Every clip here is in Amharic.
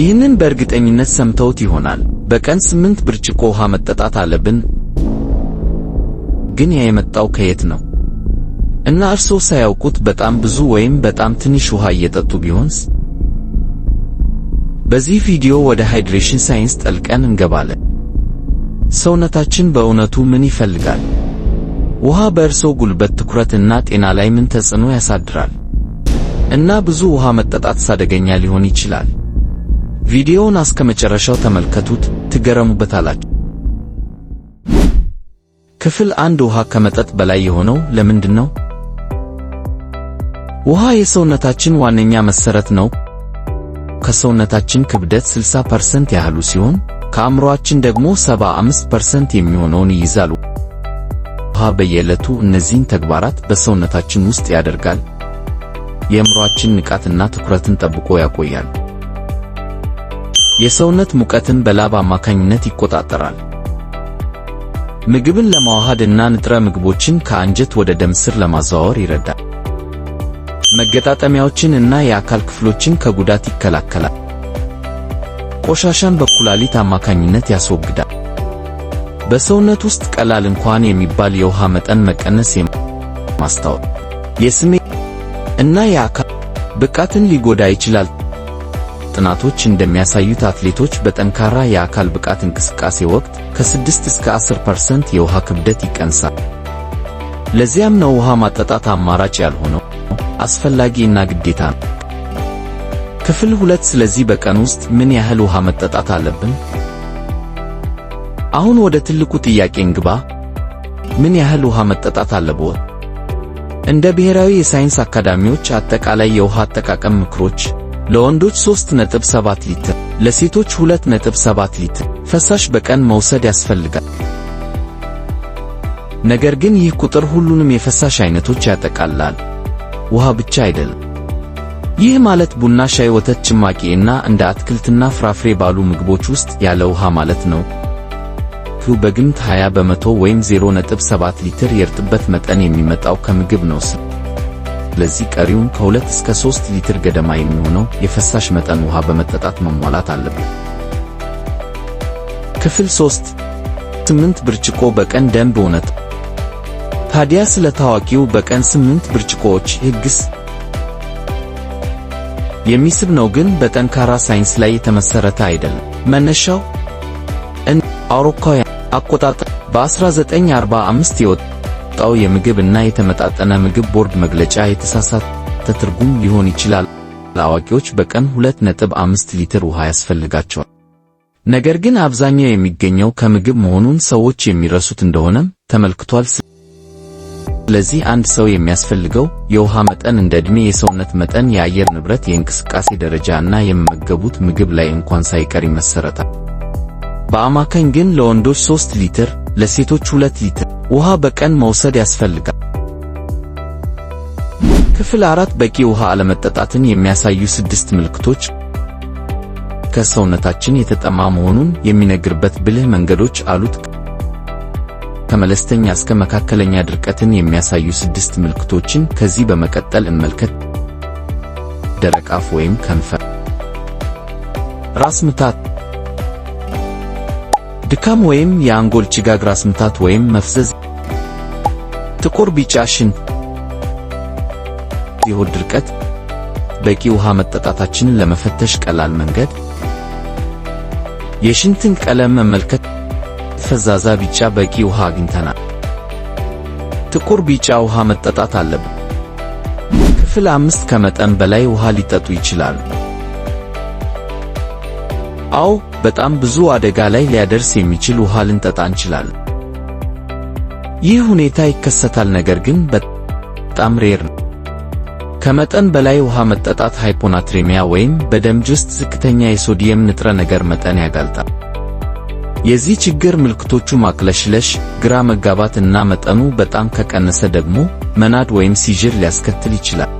ይህንን በእርግጠኝነት ሰምተውት ይሆናል። በቀን ስምንት ብርጭቆ ውሃ መጠጣት አለብን። ግን ያ የመጣው ከየት ነው? እና እርሶ ሳያውቁት በጣም ብዙ ወይም በጣም ትንሽ ውሃ እየጠጡ ቢሆንስ? በዚህ ቪዲዮ ወደ ሃይድሬሽን ሳይንስ ጠልቀን እንገባለን። ሰውነታችን በእውነቱ ምን ይፈልጋል? ውሃ በእርሶ ጉልበት፣ ትኩረት እና ጤና ላይ ምን ተጽዕኖ ያሳድራል? እና ብዙ ውሃ መጠጣትስ አደገኛ ሊሆን ይችላል? ቪዲዮውን እስከመጨረሻው ተመልከቱት፣ ትገረሙበታላችሁ። ክፍል አንድ ውሃ ከመጠጥ በላይ የሆነው ለምንድን ነው? ውሃ የሰውነታችን ዋነኛ መሰረት ነው። ከሰውነታችን ክብደት 60% ያህሉ ሲሆን ከአእምሮአችን ደግሞ 75% የሚሆነውን ይይዛሉ። ውሃ በየዕለቱ እነዚህን ተግባራት በሰውነታችን ውስጥ ያደርጋል። የአእምሮአችን ንቃትና ትኩረትን ጠብቆ ያቆያል። የሰውነት ሙቀትን በላብ አማካኝነት ይቆጣጠራል። ምግብን ለማዋሃድ እና ንጥረ ምግቦችን ከአንጀት ወደ ደም ስር ለማዘዋወር ይረዳል። መገጣጠሚያዎችን እና የአካል ክፍሎችን ከጉዳት ይከላከላል። ቆሻሻን በኩላሊት አማካኝነት ያስወግዳል። በሰውነት ውስጥ ቀላል እንኳን የሚባል የውሃ መጠን መቀነስ የማስታወቅ የስሜት እና የአካል ብቃትን ሊጎዳ ይችላል። ጥናቶች እንደሚያሳዩት አትሌቶች በጠንካራ የአካል ብቃት እንቅስቃሴ ወቅት ከ6 እስከ 10% የውሃ ክብደት ይቀንሳል። ለዚያም ነው ውሃ ማጠጣት አማራጭ ያልሆነው አስፈላጊ እና ግዴታ ነው። ክፍል ሁለት ስለዚህ በቀን ውስጥ ምን ያህል ውሃ መጠጣት አለብን? አሁን ወደ ትልቁ ጥያቄ እንግባ። ምን ያህል ውሃ መጠጣት አለብዎት? እንደ ብሔራዊ የሳይንስ አካዳሚዎች አጠቃላይ የውሃ አጠቃቀም ምክሮች ለወንዶች 3.7 ሊትር፣ ለሴቶች 2.7 ሊትር ፈሳሽ በቀን መውሰድ ያስፈልጋል። ነገር ግን ይህ ቁጥር ሁሉንም የፈሳሽ አይነቶች ያጠቃልላል፣ ውሃ ብቻ አይደለም። ይህ ማለት ቡና፣ ሻይ፣ ወተት፣ ጭማቂ እና እንደ አትክልትና ፍራፍሬ ባሉ ምግቦች ውስጥ ያለ ውሃ ማለት ነው። በግምት 20 በመቶ ወይም 0.7 ሊትር የእርጥበት መጠን የሚመጣው ከምግብ ነው። ለዚህ ቀሪውን ከሁለት እስከ ሦስት ሊትር ገደማ የሚሆነው የፈሳሽ መጠን ውሃ በመጠጣት መሟላት አለብን። ክፍል 3 ስምንት ብርጭቆ በቀን ደንብ እውነት። ታዲያ ስለ ታዋቂው በቀን ስምንት ብርጭቆዎች ሕግስ? የሚስብ ነው ግን በጠንካራ ሳይንስ ላይ የተመሰረተ አይደለም። መነሻው እንደ አውሮፓውያን አቆጣጠር በ1945 ይወጣል። የወጣው የምግብ እና የተመጣጠነ ምግብ ቦርድ መግለጫ የተሳሳተ ትርጉም ሊሆን ይችላል። አዋቂዎች በቀን 2.5 ሊትር ውሃ ያስፈልጋቸዋል። ነገር ግን አብዛኛው የሚገኘው ከምግብ መሆኑን ሰዎች የሚረሱት እንደሆነም ተመልክቷል። ስለዚህ አንድ ሰው የሚያስፈልገው የውሃ መጠን እንደ ዕድሜ፣ የሰውነት መጠን፣ የአየር ንብረት፣ የእንቅስቃሴ ደረጃ እና የሚመገቡት ምግብ ላይ እንኳን ሳይቀር ይመሰረታል። በአማካኝ ግን ለወንዶች 3 ሊትር፣ ለሴቶች 2 ሊትር ውሃ በቀን መውሰድ ያስፈልጋል። ክፍል አራት በቂ ውሃ አለመጠጣትን የሚያሳዩ ስድስት ምልክቶች ከሰውነታችን የተጠማ መሆኑን የሚነግርበት ብልህ መንገዶች አሉት። ከመለስተኛ እስከ መካከለኛ ድርቀትን የሚያሳዩ ስድስት ምልክቶችን ከዚህ በመቀጠል እንመልከት። ደረቅ አፍ ወይም ከንፈር፣ ራስ ምታት ድካም ወይም የአንጎል ጭጋግ፣ ራስ ምታት ወይም መፍዘዝ፣ ጥቁር ቢጫ ሽን፣ የሆድ ድርቀት። በቂ ውሃ መጠጣታችንን ለመፈተሽ ቀላል መንገድ የሽንትን ቀለም መመልከት። ፈዛዛ ቢጫ፣ በቂ ውሃ አግኝተናል። ጥቁር ቢጫ ውሃ መጠጣት አለብን። ክፍል አምስት ከመጠን በላይ ውሃ ሊጠጡ ይችላሉ። አዎ በጣም ብዙ አደጋ ላይ ሊያደርስ የሚችል ውሃ ልንጠጣ እንችላለን። ይህ ሁኔታ ይከሰታል፣ ነገር ግን በጣም ሬር ነው። ከመጠን በላይ ውሃ መጠጣት ሃይፖናትሪሚያ ወይም በደም ውስጥ ዝቅተኛ የሶዲየም ንጥረ ነገር መጠን ያጋልጣል። የዚህ ችግር ምልክቶቹ ማቅለሽለሽ፣ ግራ መጋባት እና መጠኑ በጣም ከቀነሰ ደግሞ መናድ ወይም ሲዥር ሊያስከትል ይችላል።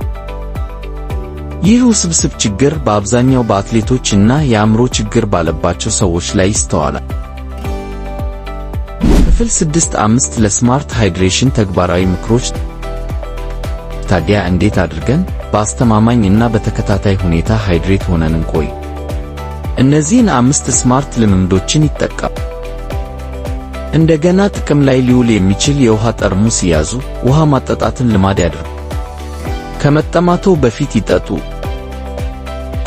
ይህ ውስብስብ ችግር በአብዛኛው በአትሌቶች እና የአእምሮ ችግር ባለባቸው ሰዎች ላይ ይስተዋላል። ክፍል ስድስት አምስት ለስማርት ሃይድሬሽን ተግባራዊ ምክሮች። ታዲያ እንዴት አድርገን በአስተማማኝ እና በተከታታይ ሁኔታ ሃይድሬት ሆነን እንቆይ? እነዚህን አምስት ስማርት ልምምዶችን ይጠቀሙ። እንደገና ጥቅም ላይ ሊውል የሚችል የውሃ ጠርሙስ ይያዙ። ውሃ ማጠጣትን ልማድ ያድርጉ። ከመጠማቶ በፊት ይጠጡ።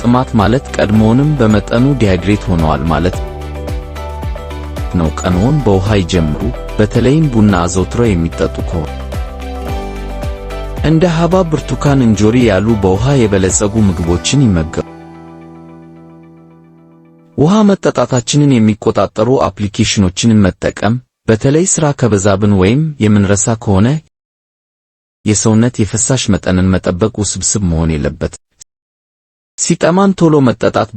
ጥማት ማለት ቀድሞውንም በመጠኑ ዲሃይድሬት ሆነዋል ማለት ነው። ቀንዎን በውሃ ይጀምሩ፣ በተለይም ቡና አዘውትረው የሚጠጡ ከሆነ። እንደ ሐብሐብ፣ ብርቱካን፣ እንጆሪ ያሉ በውሃ የበለጸጉ ምግቦችን ይመገቡ። ውሃ መጠጣታችንን የሚቆጣጠሩ አፕሊኬሽኖችንን መጠቀም፣ በተለይ ሥራ ከበዛብን ወይም የምንረሳ ከሆነ የሰውነት የፈሳሽ መጠንን መጠበቅ ውስብስብ መሆን የለበትም። ሲጠማን ቶሎ መጠጣት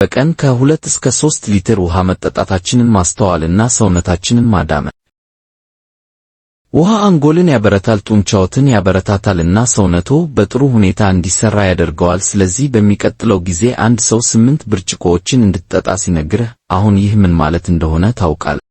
በቀን ከሁለት እስከ ሶስት ሊትር ውሃ መጠጣታችንን ማስተዋልና ሰውነታችንን ማዳመን። ውሃ አንጎልን ያበረታል፣ ጡንቻዎትን ያበረታታልና ሰውነቶ በጥሩ ሁኔታ እንዲሰራ ያደርገዋል። ስለዚህ በሚቀጥለው ጊዜ አንድ ሰው ስምንት ብርጭቆዎችን እንድትጠጣ ሲነግርህ አሁን ይህ ምን ማለት እንደሆነ ታውቃለህ።